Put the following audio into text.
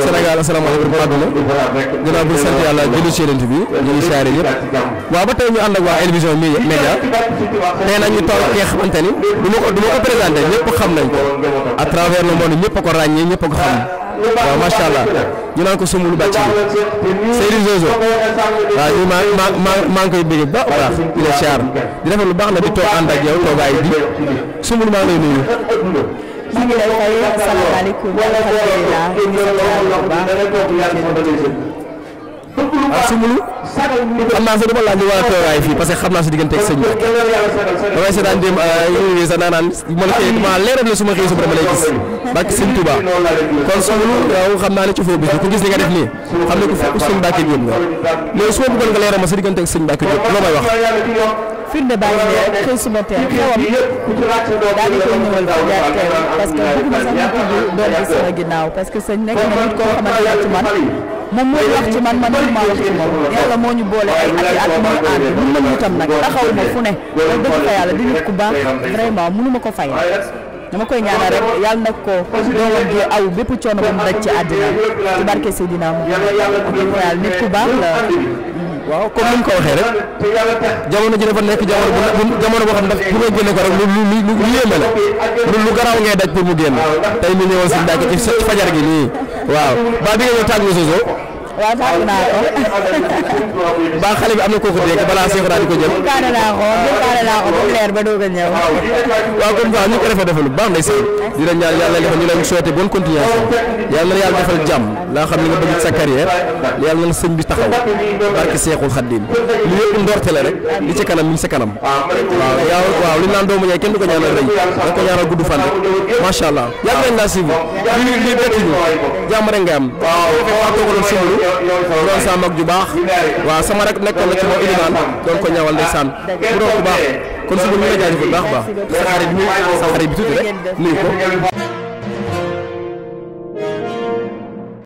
Sénégal asalaamaaleykum àdduna ginnaaw bi sant yàlla julli ci yonent bi ñu ngi siyaare yëpp waaw ba tey ñu ànd ak waa El Vision Média nee na ñu toog ki nga xamante ni du ma ko du ma ko présenté ñëpp xam nañ ko à travers le monde ñëpp a ko ràññee ñëpp a ko xam waaw macha allah ñu naan ko Soumboulou Bathily Seydou Zozo waaw ñu maa maa maa maa ngi koy bëgg ba baax di la siyaar di defal lu baax na di toog ànd ak yow toogaay bi Soumboulou maa ngi lay nuyu. asalaamaaleykum. Ah, xam naa sax du ma laaj wala teewaay fii parce que xam naa sa diggante ak sëñ bi damay seetaan démb ah, yéen sax naanaan ma la xëyee ma leeral la su ma xëyee suba dama lay gis bak sëñ Touba kon Soumboulou yow xam naa ne ci foo bi ku gis ni nga def nii xam ne ku sëñ Mbacke Diop nga léegi su ma nga leeral ma sa diggante ak sëñ Mbacke Diop loo may wax firnde baa ngi rek xëy suba teel xewam daal di koy ñëwal fa jaar teel ginnaaw parce que sëñ na nit koo xamante ne ci man moom mooy wax ci ñu boole ay at yi at mooy ànd ne loolu dëgg fa yàlla di nit ku baax vraiment ko fay. dama ko doomam bi aw bépp coono ba mu ci àddina ci barke nit ku baax la. waaw comme ni mu ko waxee rek jamono ji dafa nekk jamono bu jamono boo xam ndax bu nga génne ko rek lu lu lu yéeme la lu lu garaaw ngay daj pour mu génn tey ñu ñëwoon si ndàkk ci fajar gi nii waaw ba bi nga ñëw tàggu Soso waaw fàq naa ko. ba xale bi am na kooku dégg balaa Cheikh daal di ko jël. kaane naa ko kaane naa ko ba mu leer ba doog a ñëw. waaw kon waaw ñu ko defee defal lu baax ndeysaan di la ñaan yàlla defal ñu leen souhaité bonne continuation yàlla na yàlla defal jàmm laa xam ne nga bëgg sa carrière yàlla na la sëñ bi taxaw barke Seexul Xaddim li yëpp ndorte la rek li ci kanam mi ngi sa kanam waaw yaa waaw li naan doomu ñay kenn du ko ñaanal rëy da ko ñaanal gudd fan rek macha allah yàgg nañ laa suivre li li bettuñu jàmm rek nga am waaw toogaloon simbalu doon saa mag ju baax waaw sama rek nekkoon na ci moom ilimaan doon ko ñawal ndeysaan bu doon bu baax kon suba ñu la jaajëfal baax baax sa xarit bi sa xarit bi tuuti rek nuyu ko